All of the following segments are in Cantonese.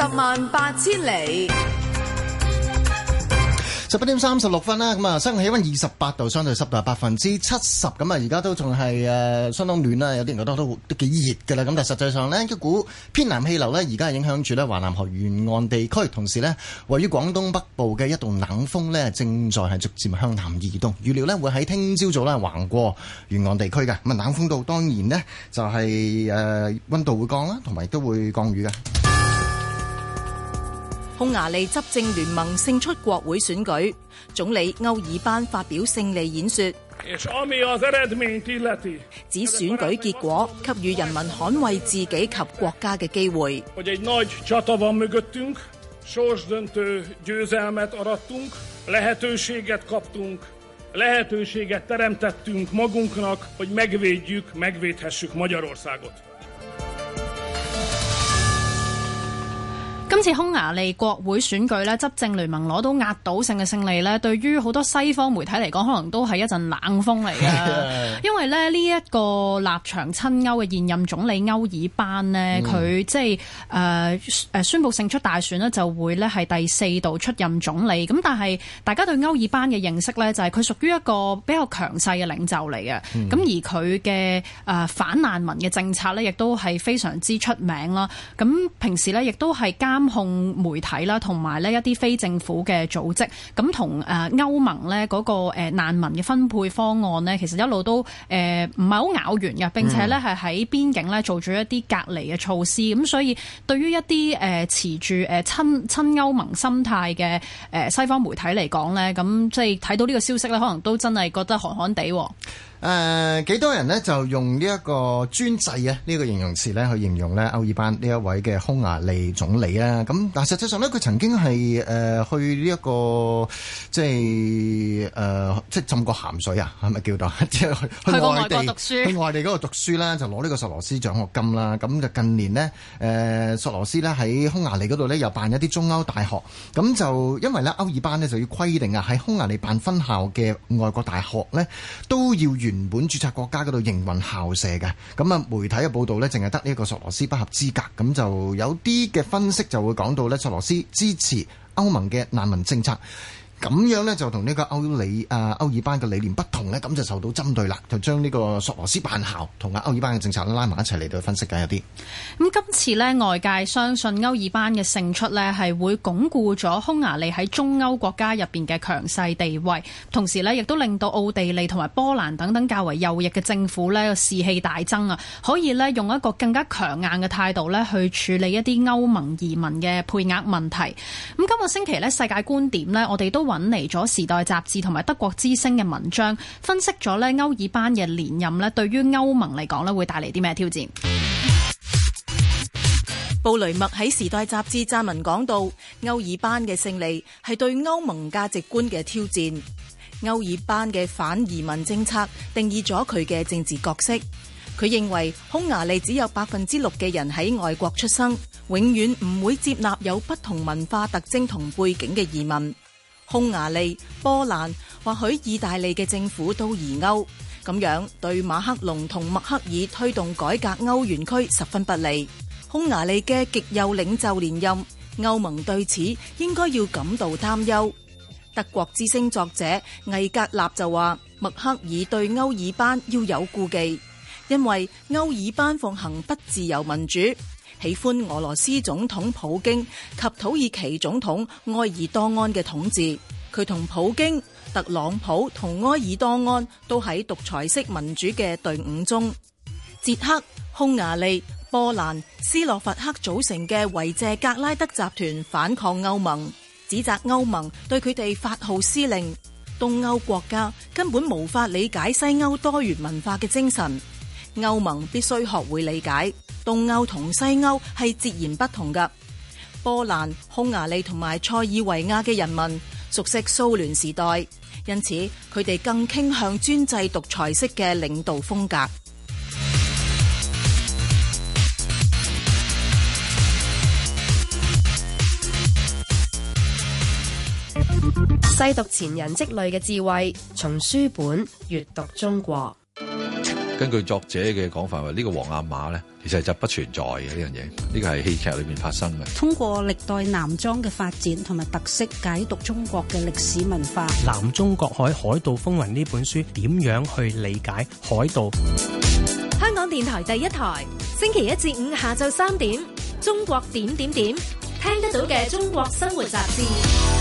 十萬八千里，十一點三十六分啦。咁啊，香港氣溫二十八度，相對濕度係百分之七十。咁啊，而家都仲係誒相當暖啦，有啲人覺得都都都幾熱噶啦。咁但係實際上呢，一股偏南氣流呢，而家係影響住咧華南河沿岸地區，同時呢，位於廣東北部嘅一道冷鋒呢，正在係逐漸向南移動。預料呢，會喺聽朝早呢橫過沿岸地區嘅。咁啊，冷鋒度當然呢，就係誒溫度會降啦，同埋都會降雨嘅。匈牙利執政聯盟勝出國會選舉，總理歐爾班發表勝利演說，指選舉結果給予人民捍衛自己及國家嘅機會。今次匈牙利國會選舉咧，執政聯盟攞到壓倒性嘅勝利咧，對於好多西方媒體嚟講，可能都係一陣冷風嚟嘅。 因為咧，呢一個立場親歐嘅現任總理歐爾班呢，佢、嗯、即係誒誒宣布勝出大選呢就會咧係第四度出任總理。咁但係大家對歐爾班嘅認識咧，就係佢屬於一個比較強勢嘅領袖嚟嘅。咁、嗯、而佢嘅誒反難民嘅政策咧，亦都係非常之出名啦。咁平時咧，亦都係監控媒體啦，同埋咧一啲非政府嘅組織，咁同誒歐盟咧嗰個誒難民嘅分配方案呢，其實一路都誒唔係好拗完嘅，並且咧係喺邊境咧做咗一啲隔離嘅措施，咁所以對於一啲誒持住誒親親歐盟心態嘅誒西方媒體嚟講呢，咁即係睇到呢個消息咧，可能都真係覺得寒寒地。誒、呃、幾多人咧就用呢一個專制啊呢，這個形容詞咧去形容咧歐爾班呢一位嘅匈牙利總理啦。咁但實際上咧，佢曾經係誒、呃、去呢，這，一個即係誒即係浸過鹹水啊，係咪叫做？即 係去去外地去外國讀書去外地嗰度讀書啦，就攞呢個索羅斯獎學金啦。咁就近年咧，誒、呃、索羅斯咧喺匈牙利嗰度咧又辦一啲中歐大學。咁就因為咧歐爾班咧就要規定啊，喺匈牙利辦分校嘅外國大學咧都要原本註冊國家嗰度營運校舍嘅，咁啊媒體嘅報道呢，淨係得呢一個索羅斯不合資格，咁就有啲嘅分析就會講到呢，索羅斯支持歐盟嘅難民政策。咁樣呢，就同呢個歐理啊歐爾班嘅理念不同呢，咁就受到針對啦，就將呢個索羅斯辦校同阿歐爾班嘅政策拉埋一齊嚟到分析緊一啲。咁今次呢，外界相信歐爾班嘅勝出呢，係會鞏固咗匈牙利喺中歐國家入面嘅強勢地位，同時呢亦都令到奧地利同埋波蘭等等較為右翼嘅政府呢，士氣大增啊，可以呢，用一個更加強硬嘅態度呢去處理一啲歐盟移民嘅配額問題。咁今個星期呢，世界觀點呢，我哋都，揾嚟咗《時代》雜誌同埋德國之聲嘅文章，分析咗呢歐爾班嘅連任呢，對於歐盟嚟講呢會帶嚟啲咩挑戰？布雷默喺《時代》雜誌撰文講到，歐爾班嘅勝利係對歐盟價值觀嘅挑戰。歐爾班嘅反移民政策定義咗佢嘅政治角色。佢認為匈牙利只有百分之六嘅人喺外國出生，永遠唔會接納有不同文化特徵同背景嘅移民。匈牙利、波蘭或許意大利嘅政府都疑歐，咁樣對馬克龍同麥克爾推動改革歐元區十分不利。匈牙利嘅極右領袖連任，歐盟對此應該要感到擔憂。德國之聲作者魏格納就話：麥克爾對歐爾班要有顧忌，因為歐爾班奉行不自由民主。喜歡俄羅斯總統普京及土耳其總統埃爾多安嘅統治，佢同普京、特朗普同埃爾多安都喺獨裁式民主嘅隊伍中。捷克、匈牙利、波蘭、斯洛伐克組成嘅維謝格拉德集團反抗歐盟，指責歐盟對佢哋發號施令，東歐國家根本無法理解西歐多元文化嘅精神，歐盟必須學會理解。東歐同西歐係截然不同㗎。波蘭、匈牙利同埋塞爾維亞嘅人民熟悉蘇聯時代，因此佢哋更傾向專制獨裁式嘅領導風格。西讀前人積累嘅智慧，從書本閱讀中國。根據作者嘅講法，話、這、呢個黃阿瑪其實就不存在嘅呢樣嘢，呢、這個係戲劇裏面發生嘅。通過歷代男裝嘅發展同埋特色，解讀中國嘅歷史文化。《南中國海海盜風雲》呢本書點樣去理解海盜？香港電台第一台，星期一至五下晝三點，中國點點點，聽得到嘅中國生活雜誌。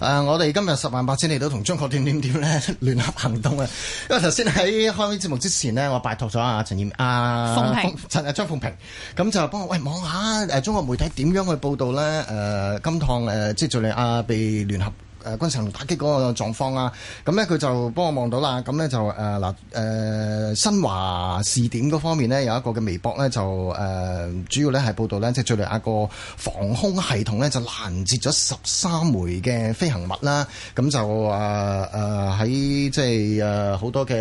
誒、呃，我哋今日十萬八千嚟到同中國點點點咧聯合行動啊！因為頭先喺開呢個節目之前呢我拜託咗啊陳燕啊陳啊張鳳平咁就幫我喂望下誒中國媒體點樣去報道咧誒今趟誒即敍利亞被聯合。誒軍事打擊嗰個狀況啊，咁咧佢就幫我望到啦，咁咧就誒嗱誒新華視點嗰方面呢，有一個嘅微博咧就誒、呃、主要咧係報導咧即係敍利亞個防空系統咧就攔截咗十三枚嘅飛行物啦，咁就話誒喺即係誒好多嘅，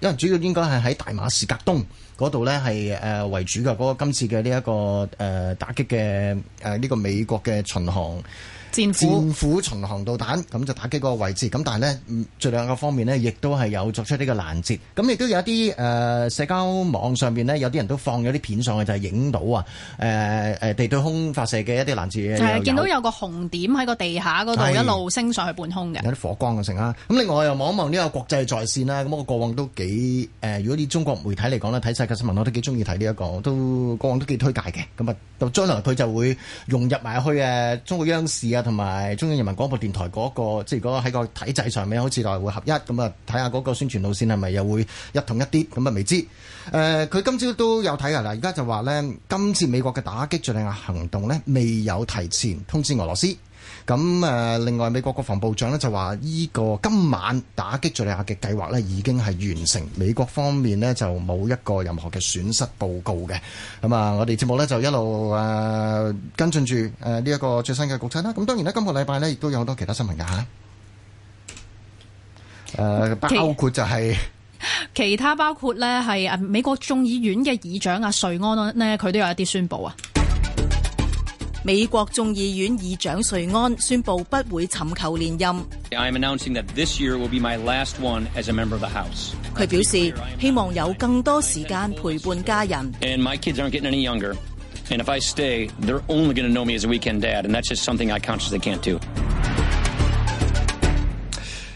因為主要應該係喺大馬士革東。嗰度咧係誒為主嘅，嗰個今次嘅呢一個誒、呃、打擊嘅誒呢個美國嘅巡航戰戰斧巡航導彈咁就打擊個位置。咁但係咧，最兩個方面咧，亦都係有作出呢個攔截。咁亦都有一啲誒、呃、社交網上邊咧，有啲人都放咗啲片上去，就係、是、影到啊！誒、呃、誒地對空發射嘅一啲攔截嘅，係、就、見、是、到有個紅點喺個地下嗰度，一路升上去半空嘅，有啲火光嘅成啦。咁另外又望望呢個國際在線啦，咁、那、我、個、過往都幾誒如果你中國媒體嚟講咧，睇。世界新聞我都幾中意睇呢一個，都個個都幾推介嘅。咁啊，到將來佢就會融入埋去誒、啊、中國央視啊，同埋中央人民廣播電台嗰、那個，即係如果喺個體制上面，好似可能會合一。咁啊，睇下嗰個宣傳路線係咪又會一統一啲，咁啊未知。誒、呃，佢今朝都有睇噶啦，而家就話呢，今次美國嘅打擊敘利亞行動呢，未有提前通知俄羅斯。咁誒，另外美國國防部長呢就話呢個今晚打擊敘利亞嘅計劃呢已經係完成，美國方面呢就冇一個任何嘅損失報告嘅。咁啊，我哋節目呢就一路誒、呃、跟進住誒呢一個最新嘅局勢啦。咁當然啦，今個禮拜呢亦都有好多其他新聞噶吓。誒、呃，包括就係、是、其他包括呢係誒美國眾議院嘅議長阿、啊、瑞安呢佢都有一啲宣布啊。美國眾議院議長瑞安宣布不會尋求連任。I'm announcing that this year will be my last one as a member of the House. 佢表示希望有更多時間陪伴家人。And my kids aren't getting any younger. And if I stay, they're only gonna know me as a weekend dad, and that's just something I consciously can't do.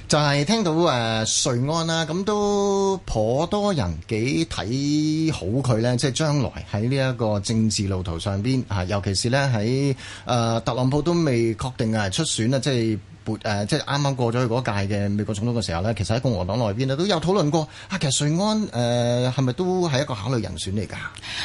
就係、是、聽到誒、呃、瑞安啦、啊，咁都頗多人幾睇好佢咧，即係將來喺呢一個政治路途上邊嚇，尤其是咧喺誒特朗普都未確定啊出選啦，即係。誒、呃、即係啱啱過咗去嗰一屆嘅美國總統嘅時候呢，其實喺共和黨內邊都有討論過啊。其實瑞安誒係咪都係一個考慮人選嚟㗎？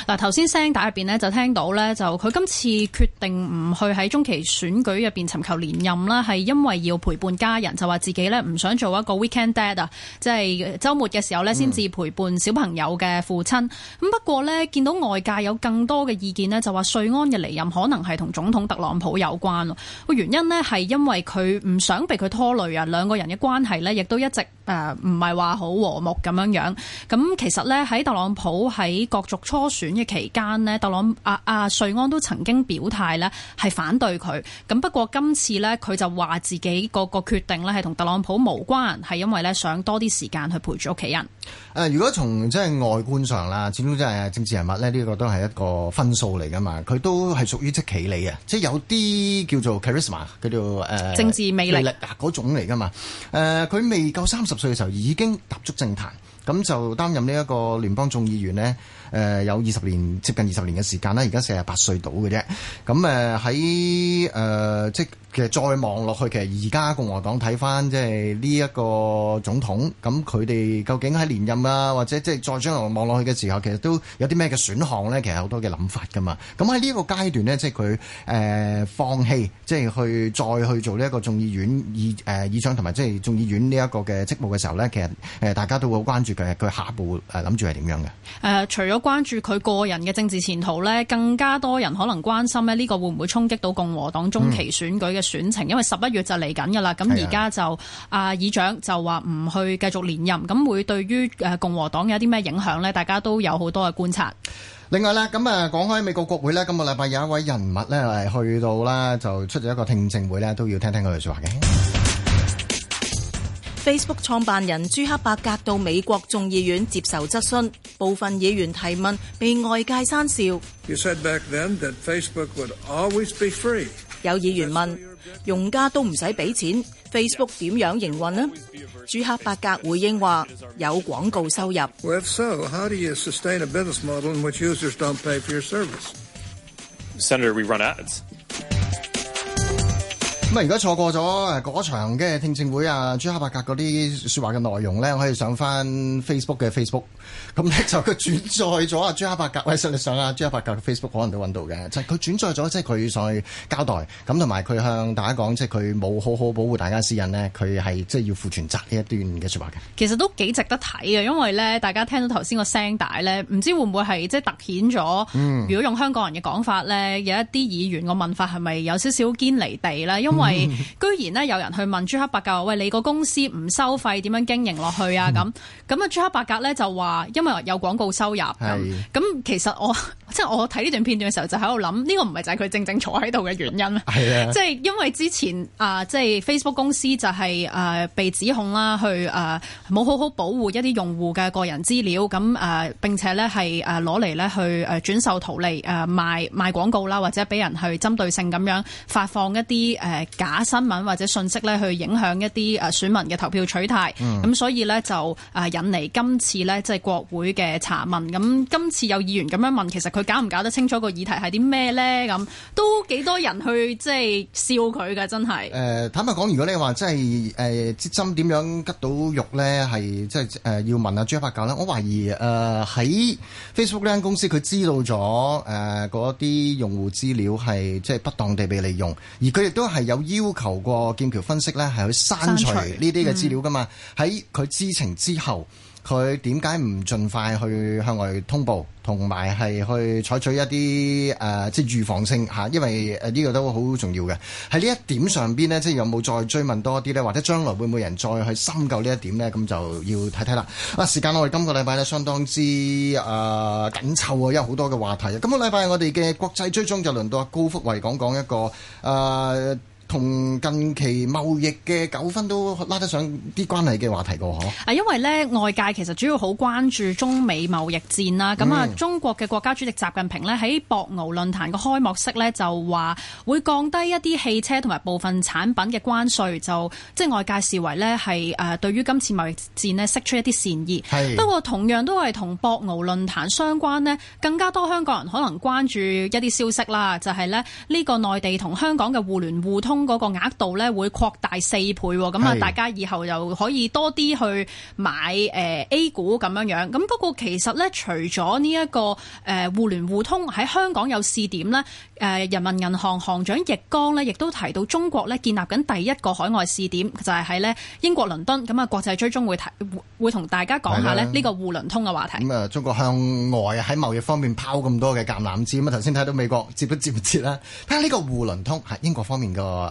嗱，頭先聲帶入邊呢，就聽到呢，就佢今次決定唔去喺中期選舉入面尋求連任啦，係因為要陪伴家人，就話自己呢唔想做一個 weekend dad 啊，即係周末嘅時候呢先至陪伴小朋友嘅父親。咁、嗯、不過呢，見到外界有更多嘅意見呢，就話瑞安嘅離任可能係同總統特朗普有關咯。個原因呢，係因為佢。唔想被佢拖累啊！兩個人嘅關係呢亦都一直誒唔係話好和睦咁樣樣。咁其實呢，喺特朗普喺角逐初選嘅期間呢，特朗普阿、啊啊、瑞安都曾經表態呢係反對佢。咁不過今次呢，佢就話自己個個決定呢係同特朗普無關，係因為呢想多啲時間去陪住屋企人。誒、呃，如果從即係外觀上啦，始終即係政治人物呢，呢、這個都係一個分數嚟㗎嘛。佢都係屬於即企理啊，即係有啲叫做 charisma 叫做、呃、政治。魅力嗱嗰種嚟噶嘛？誒、呃，佢未夠三十歲嘅時候已經踏足政壇，咁就擔任呢一個聯邦眾議員呢、誒、呃，有二十年接近二十年嘅時間啦，而家四十八歲到嘅啫。咁誒喺誒即。其實再望落去，其實而家共和黨睇翻即係呢一個總統，咁佢哋究竟喺連任啦、啊，或者即係再將來望落去嘅時候，其實都有啲咩嘅選項咧？其實好多嘅諗法噶嘛。咁喺呢個階段呢，即係佢誒放棄，即係去再去做呢一個眾議院議誒議長同埋即係眾議院呢一個嘅職務嘅時候咧，其實誒大家都會好關注佢，佢下一步諗住係點樣嘅？誒、呃，除咗關注佢個人嘅政治前途咧，更加多人可能關心呢呢個會唔會衝擊到共和黨中期選舉嘅、嗯？選情，因為十一月就嚟緊噶啦，咁而家就啊，議長就話唔去繼續連任，咁會對於誒共和黨有啲咩影響呢？大家都有好多嘅觀察。另外咧，咁啊，講開美國國會呢，今日禮拜有一位人物咧係去到啦，就出咗一個聽證會咧，都要聽聽佢哋說話嘅。Facebook 創辦人朱克伯格到美國眾議院接受質詢，部分議員提問被外界訕笑。You said back then that Facebook would always be free。有議員問。用家都唔使俾錢，Facebook 點樣營運呢？Yes。朱克伯格回應話：有廣告收入。If so, how do you sustain a business model in which users don't pay for your service? Senator, we run ads. 咁而家錯過咗嗰場嘅聽證會啊，朱克伯格嗰啲說話嘅內容咧，我可以上翻 Facebook 嘅 Facebook。咁咧就佢轉載咗啊， 朱克伯格，或實力上啊朱克伯格嘅 Facebook，可能都搵到嘅。就佢、是、轉載咗，即係佢上去交代，咁同埋佢向大家講，即係佢冇好好保護大家私隱呢，佢係即係要負全責呢一段嘅說話嘅。其實都幾值得睇嘅，因為咧，大家聽到頭先個聲帶咧，唔知會唔會係即係突顯咗？如果用香港人嘅講法咧、嗯，有一啲議員個問法係咪有少少堅離地咧？因為因為居然咧有人去問朱克伯格，喂，你個公司唔收費點樣經營落去啊？咁咁啊，朱克伯格咧就話，因為有廣告收入。咁、嗯、其實我即係我睇呢段片段嘅時候就，就喺度諗，呢個唔係就係佢正正坐喺度嘅原因。係啊，即係因為之前啊，即、就、係、是、Facebook 公司就係、是、誒、啊、被指控啦，去誒冇、啊、好好保護一啲用戶嘅個人資料，咁、啊、誒並且咧係誒攞嚟咧去誒轉售圖嚟誒、啊、賣賣廣告啦，或者俾人去針對性咁樣發放一啲誒。啊假新聞或者信息咧，去影響一啲誒選民嘅投票取態，咁、嗯、所以咧就誒引嚟今次咧即係國會嘅查問。咁今次有議員咁樣問，其實佢搞唔搞得清楚個議題係啲咩咧？咁都幾多人去即係笑佢㗎，真係。誒、呃，坦白講，如果你話即係誒、呃、針點樣吉到肉咧，係即係誒、呃、要問阿朱一發教啦。我懷疑誒喺、呃、Facebook 呢間公司，佢知道咗誒嗰啲用戶資料係即係不當地被利用，而佢亦都係有要求過劍橋分析呢係去刪除呢啲嘅資料噶嘛？喺佢知情之後，佢點解唔盡快去向外通報，同埋係去採取一啲誒、呃、即係預防性因為呢、呃呢個都好重要嘅。喺呢一點上邊呢，即係有冇再追問多啲呢？或者將來會唔會人再去深究呢一點呢？咁就要睇睇啦。啊，時間我哋今個禮拜呢，相當之誒、呃、緊湊啊，因為好多嘅話題啊。今、今個禮拜我哋嘅國際追蹤就輪到阿高福慧講講一個誒。呃同近期貿易嘅糾紛都拉得上啲關係嘅話題個嗬，啊，因為咧外界其實主要好關注中美貿易戰啦，咁、嗯、啊，中國嘅國家主席習近平咧喺博鰲論壇嘅開幕式咧就話會降低一啲汽車同埋部分產品嘅關稅，就即係外界視為咧係誒對於今次貿易戰咧釋出一啲善意。係不過同樣都係同博鰲論壇相關咧，更加多香港人可能關注一啲消息啦，就係咧呢個內地同香港嘅互聯互通。嗰個額度咧會擴大四倍，咁啊，大家以後又可以多啲去買誒 A 股咁樣樣。咁不過其實咧，除咗呢一個誒互聯互通喺香港有試點咧，誒人民銀行行長易綱咧亦都提到，中國咧建立緊第一個海外試點，就係喺咧英國倫敦。咁啊，國際追蹤會提會同大家講下咧呢個互聯通嘅話題。咁啊，中國向外喺貿易方面拋咁多嘅橄欖枝，咁啊頭先睇到美國接不接唔接啦？睇下呢個互聯通係英國方面個。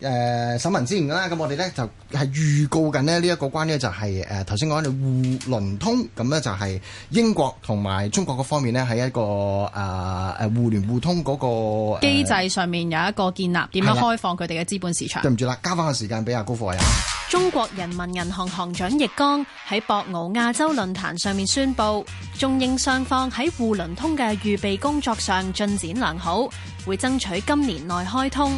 誒、呃、審問之前，啦，咁我哋咧就係預告緊呢呢一個關呢，就係誒頭先講嘅滬倫通，咁咧就係英國同埋中國嗰方面咧喺一個誒、呃、互聯互通嗰、那個、呃、機制上面有一個建立，點樣開放佢哋嘅資本市場？對唔住啦，交翻個時間俾阿高福慧。中國人民銀行行長易綱喺博鰲亞洲論壇上面宣布，中英雙方喺滬倫通嘅預備工作上進展良好，會爭取今年內開通。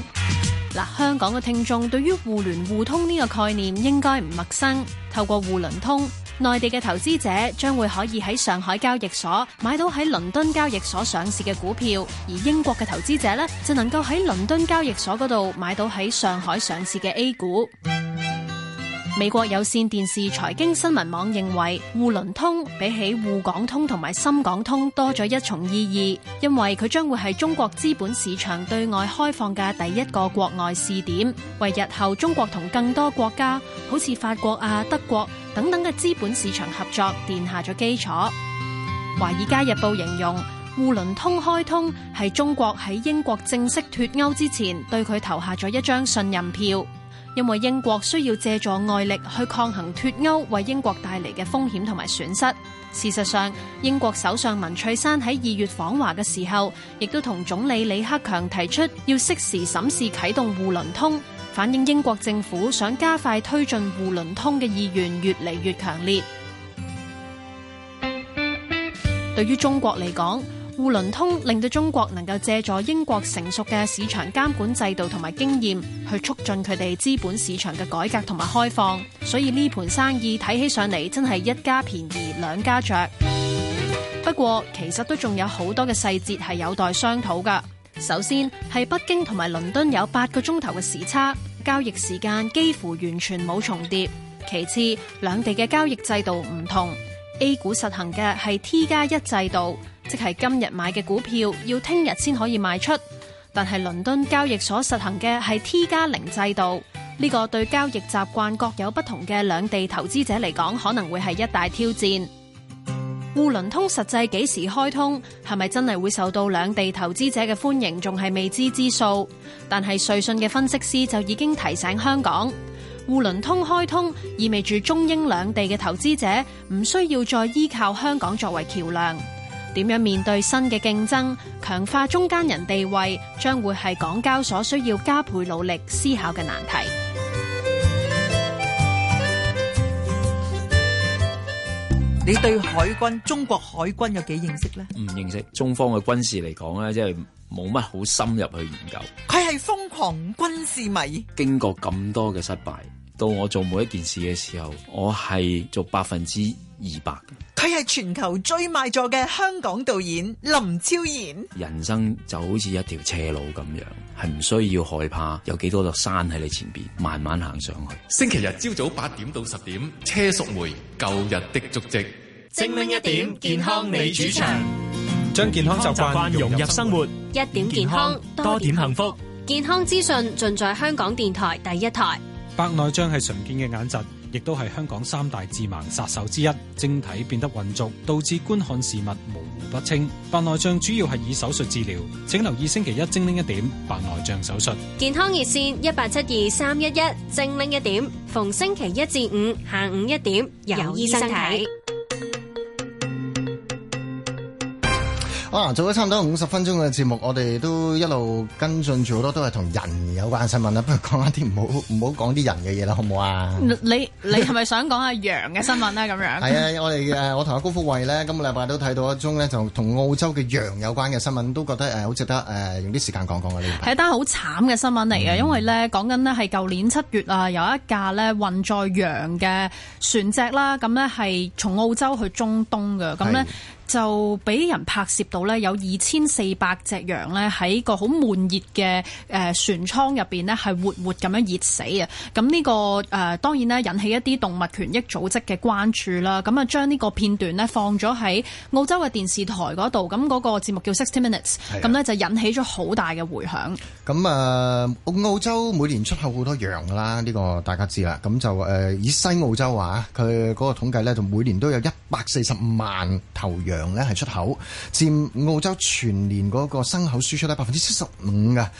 嗱，香港嘅聽眾對於互聯互通呢個概念應該唔陌生。透過滬倫通，內地嘅投資者將會可以喺上海交易所買到喺倫敦交易所上市嘅股票，而英國嘅投資者呢，就能夠喺倫敦交易所嗰度買到喺上海上市嘅 A 股。美國有線電視財經新聞網認為，滬倫通比起滬港通同埋深港通多咗一重意義，因為佢將會係中國資本市場對外開放嘅第一個國外試點，為日後中國同更多國家好似法國啊、德國等等嘅資本市場合作奠下咗基礎。華爾街日報形容滬倫通開通係中國喺英國正式脱歐之前對佢投下咗一張信任票。因為英國需要借助外力去抗衡脱歐為英國帶嚟嘅風險同埋損失。事實上，英國首相文翠珊喺二月訪華嘅時候，亦都同總理李克強提出要適時審視啟動滬倫通，反映英國政府想加快推進滬倫通嘅意願越嚟越強烈。對於中國嚟講，滬倫通令到中國能夠借助英國成熟嘅市場監管制度同埋經驗，去促進佢哋資本市場嘅改革同埋開放。所以呢盤生意睇起上嚟真係一家便宜兩家着。不過其實都仲有好多嘅細節係有待商討噶。首先係北京同埋倫敦有八個鐘頭嘅時差，交易時間幾乎完全冇重疊。其次兩地嘅交易制度唔同，A 股實行嘅係 T 加一制度。即係今日買嘅股票，要聽日先可以賣出。但係倫敦交易所實行嘅係 T 加零制度，呢個對交易習慣各有不同嘅兩地投資者嚟講，可能會係一大挑戰。滬倫通實際幾時開通，係咪真係會受到兩地投資者嘅歡迎，仲係未知之數。但係瑞信嘅分析師就已經提醒香港，滬倫通開通意味住中英兩地嘅投資者唔需要再依靠香港作為橋梁。點樣面對新嘅競爭，強化中間人地位，將會係港交所需要加倍努力思考嘅難題。你對海軍、中國海軍有幾認識呢？唔認識，中方嘅軍事嚟講咧，即係冇乜好深入去研究。佢係瘋狂軍事迷。經過咁多嘅失敗，到我做每一件事嘅時候，我係做百分之二百。的全球最賣座嘅香港導演林超賢，人生就好似一條斜路咁樣，係唔需要害怕有幾多座山喺你前邊，慢慢行上去。星期日朝早八點到十點，車淑梅《舊日的足跡》，精靈一點，健康你主場，將健康習慣融入生活，一點健康多點幸福，健康資訊盡在香港電台第一台。白內障係常見嘅眼疾。亦都係香港三大致盲殺手之一，晶體變得渾濁，導致觀看事物模糊不清。白內障主要係以手術治療，請留意星期一精靈一點白內障手術。健康熱線一八七二三一一精靈一點，逢星期一至五下午一點有醫生睇。啊，做咗差唔多五十分鐘嘅節目，我哋都一路跟進住好多都係同人有關嘅新聞啦。不如講一啲唔好唔好講啲人嘅嘢啦，好唔好啊？你你係咪想講下羊嘅新聞咧？咁 樣係啊，我哋誒，我同阿高福慧咧，今個禮拜都睇到一宗咧，就同澳洲嘅羊有關嘅新聞，都覺得誒好、呃、值得誒、呃、用啲時間講講嘅呢。係一單好慘嘅新聞嚟嘅，因為咧講緊呢係舊年七月啊，有一架咧運載羊嘅船隻啦，咁咧係從澳洲去中東嘅，咁咧。就俾人拍攝到咧，有二千四百隻羊咧喺個好悶熱嘅誒船艙入邊咧，係活活咁樣熱死啊！咁呢、個誒、呃、當然咧引起一啲動物權益組織嘅關注啦。咁啊將呢個片段咧放咗喺澳洲嘅電視台度，咁、嗰個節目叫《Sixty Minutes》，咁咧就引起咗好大嘅回響。咁啊，澳、呃、澳洲每年出口好多羊啦，呢、個大家知啦。咁就誒、呃、以西澳洲話佢個統計咧，就每年都有一百四十五萬頭羊。咧係出口，佔澳洲全年嗰個牲口輸出咧百分之七十五噶。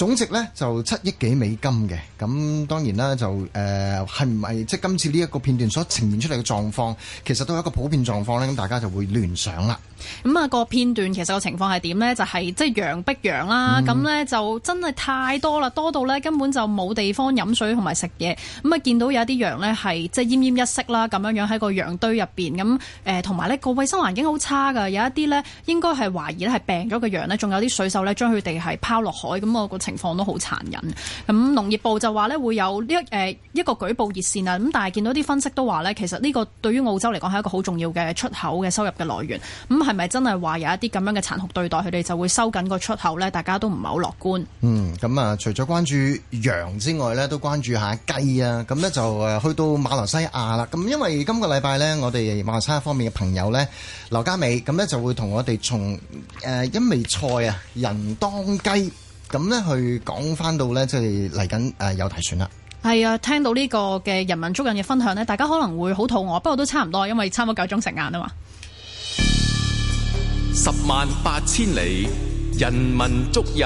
總值咧就七億幾美金嘅，咁當然啦就誒係唔係即係今次呢一個片段所呈現出嚟嘅狀況，其實都有一個普遍狀況咧，咁大家就會聯想啦。咁、嗯、啊、那個片段其實個情況係點呢？就係即係羊逼羊啦，咁呢就真係太多啦，多到呢根本就冇地方飲水同埋食嘢。咁、嗯、啊見到有一啲羊呢係即係奄奄一息啦，咁樣樣喺個羊堆入邊。咁同埋呢個衛生環境好差㗎，有一啲呢應該係懷疑咧係病咗嘅羊呢，仲有啲水手呢將佢哋係拋落海咁啊、那個情況都好殘忍，咁農業部就話咧會有呢一誒一個舉報熱線啊，咁但係見到啲分析都話咧，其實呢個對於澳洲嚟講係一個好重要嘅出口嘅收入嘅來源，咁係咪真係話有一啲咁樣嘅殘酷對待佢哋就會收緊個出口呢？大家都唔係好樂觀。嗯、咁、嗯、啊，除咗關注羊之外咧，都關注一下雞啊，咁呢就誒去到馬來西亞啦，咁因為今個禮拜呢，我哋馬來西亞方面嘅朋友呢，劉嘉美，咁呢就會同我哋從誒一味菜啊，仁當雞。咁咧，去講翻到咧，即係嚟緊有提選啦。係啊，聽到呢個嘅人文足印嘅分享咧，大家可能會好肚餓，不過都差唔多，因為差唔多夠鐘食晏啊嘛。十萬八千里人文足印。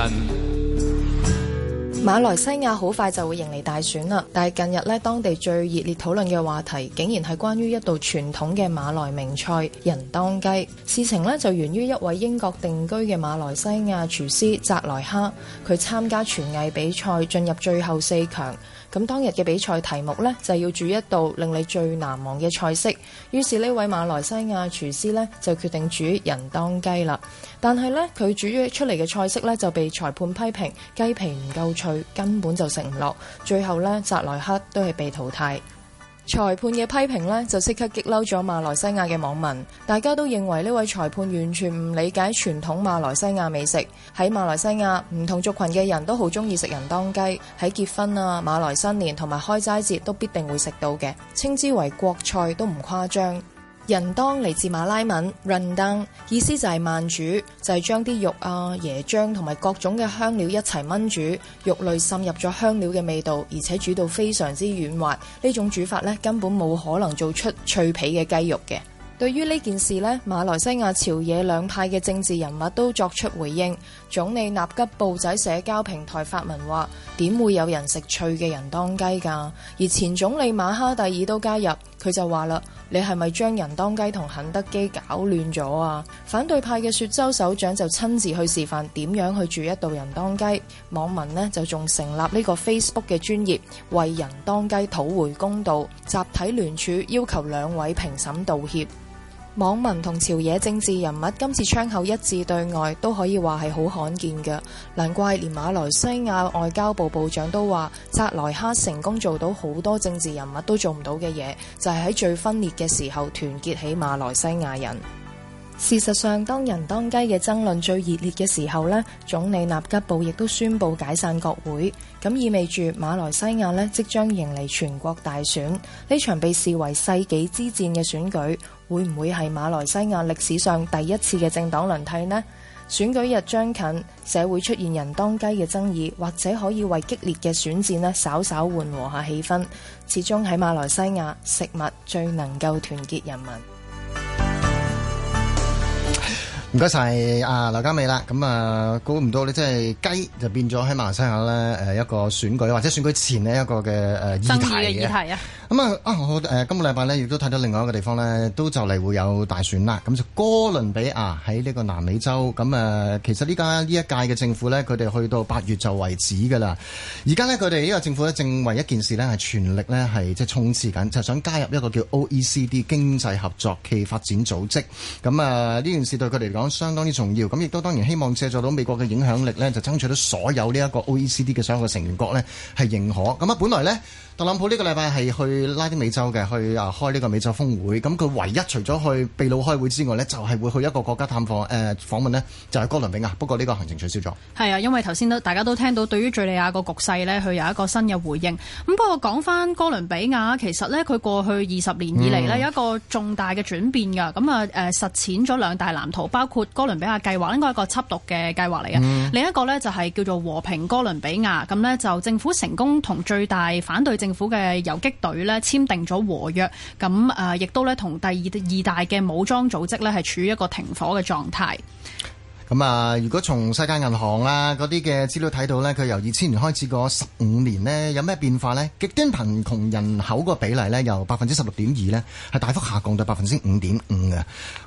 馬來西亞好快就會迎嚟大選啦，但係近日呢當地最熱烈討論嘅話題，竟然係關於一道傳統嘅馬來名菜仁當雞。事情呢就源於一位英國定居嘅馬來西亞廚師扎萊哈，佢參加廚藝比賽進入最後四強。咁當日嘅比賽題目呢，就係要煮一道令你最難忘嘅菜式。於是呢位馬來西亞廚師呢，就決定煮仁當雞啦。但係呢，佢煮出嚟嘅菜式呢，就被裁判批評雞皮唔夠脆，根本就食唔落。最後呢，澤萊克都係被淘汰。裁判嘅批評呢，就即刻激嬲咗馬來西亞嘅網民，大家都認為呢位裁判完全唔理解傳統馬來西亞美食。喺馬來西亞，唔同族群嘅人都好鍾意食仁當雞，喺結婚啊、馬來新年同埋開齋節都必定會食到嘅，稱之為國菜都唔誇張。仁當嚟自馬來文 rendang，意思就係慢煮，就係將啲肉啊、椰漿同埋各種嘅香料一齊炆煮，肉類滲入咗香料嘅味道，而且煮到非常之軟滑。呢種煮法呢，根本冇可能做出脆皮嘅雞肉嘅。對於呢件事呢，馬來西亞朝野兩派嘅政治人物都作出回應。總理納吉布仔社交平台發文話：點會有人食脆嘅仁當雞㗎？而前總理馬哈蒂爾都加入，佢就話啦：你係咪將仁當雞同肯德基搞亂咗啊？反對派嘅雪州首長就親自去示範點樣去煮一道仁當雞。網民呢就仲成立呢個 Facebook 嘅專頁，為仁當雞討回公道，集體聯署要求兩位評審道歉。網民同朝野政治人物今次窗口一致對外，都可以話係好罕見嘅。難怪連馬來西亞外交部部長都話，扎來哈成功做到好多政治人物都做唔到嘅嘢，就係喺最分裂嘅時候，團結起馬來西亞人。事實上，當仁當雞嘅爭論最熱烈嘅時候呢，總理納吉布亦都宣布解散國會，咁意味住馬來西亞呢即將迎嚟全國大選。呢場被視為世紀之戰嘅選舉，會唔會係馬來西亞歷史上第一次嘅政黨輪替呢？選舉日將近，社會出現仁當雞嘅爭議，或者可以為激烈嘅選戰呢，稍稍緩和下氣氛。始終喺馬來西亞，食物最能夠團結人民。唔該晒啊，劉嘉美啦，咁啊估唔到你即係雞就變咗喺馬來西亞咧一個選舉，或者選舉前呢一個嘅誒議題嘅。新嘅議題啊！咁啊啊，我今個禮拜咧亦都睇到另外一個地方咧，都就嚟會有大選啦。咁就哥倫比亞喺呢個南美洲，咁啊，其實呢家呢一屆嘅政府咧，佢哋去到八月就為止噶啦。而家呢，佢哋呢個政府咧正為一,一件事呢，係全力呢，係即係衝刺緊，就想加入一個叫 O E C D 經濟合作暨發展組織。咁、嗯、啊呢件事對佢哋講。相當之重要，咁亦都當然希望借助到美國嘅影響力呢，就爭取到所有呢一個 OECD 嘅所有嘅成員國係認可。咁啊，本來呢，特朗普呢個禮拜係去拉丁美洲嘅，去啊開呢個美洲峰會。咁佢唯一除咗去秘魯開會之外呢，就係、是、會去一個國家探訪誒、呃、訪問呢就係哥倫比亞。不過呢個行程取消咗。係啊，因為頭先都大家都聽到對於敍利亞個局勢呢，佢有一個新嘅回應。咁不過講翻哥倫比亞，其實呢，佢過去二十年以嚟呢、嗯，有一個重大嘅轉變㗎。咁啊誒實踐咗兩大藍圖，包括括哥倫比亞計劃，應該係一個緝毒嘅計劃嚟嘅。另一個呢，就係叫做和平哥倫比亞咁呢，就政府成功同最大反對政府嘅游擊隊呢，簽訂咗和約，咁亦都呢，同第二二大嘅武裝組織呢，係處於一個停火嘅狀態。咁、嗯、啊，如果從世界銀行啊嗰啲嘅資料睇到呢，佢由二千年開始嗰十五年呢，有咩變化呢？極端貧窮人口個比例呢，由百分之十六點二呢，係大幅下降到百分之五點五嘅。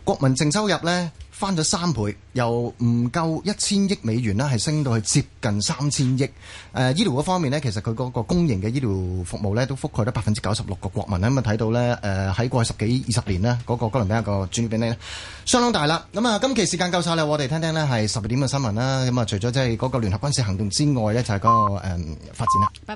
國民淨收入呢。翻咗三倍，由唔夠一千億美元啦，係升到去接近三千億。誒、呃，醫療嗰方面呢，其實佢嗰個公營嘅醫療服務呢，都覆蓋咗百分之九十六個國民咧。咁、嗯、啊，睇到呢，誒、呃、喺過去十幾二十年呢，嗰、那個哥倫比亞個轉變呢，相當大啦。咁、嗯、啊，今期時間夠晒啦，我哋聽聽呢係十二點嘅新聞啦。咁、嗯、啊，除咗即係嗰個聯合軍事行動之外呢，就係、是、嗰、那個誒、嗯、發展啦。拜拜。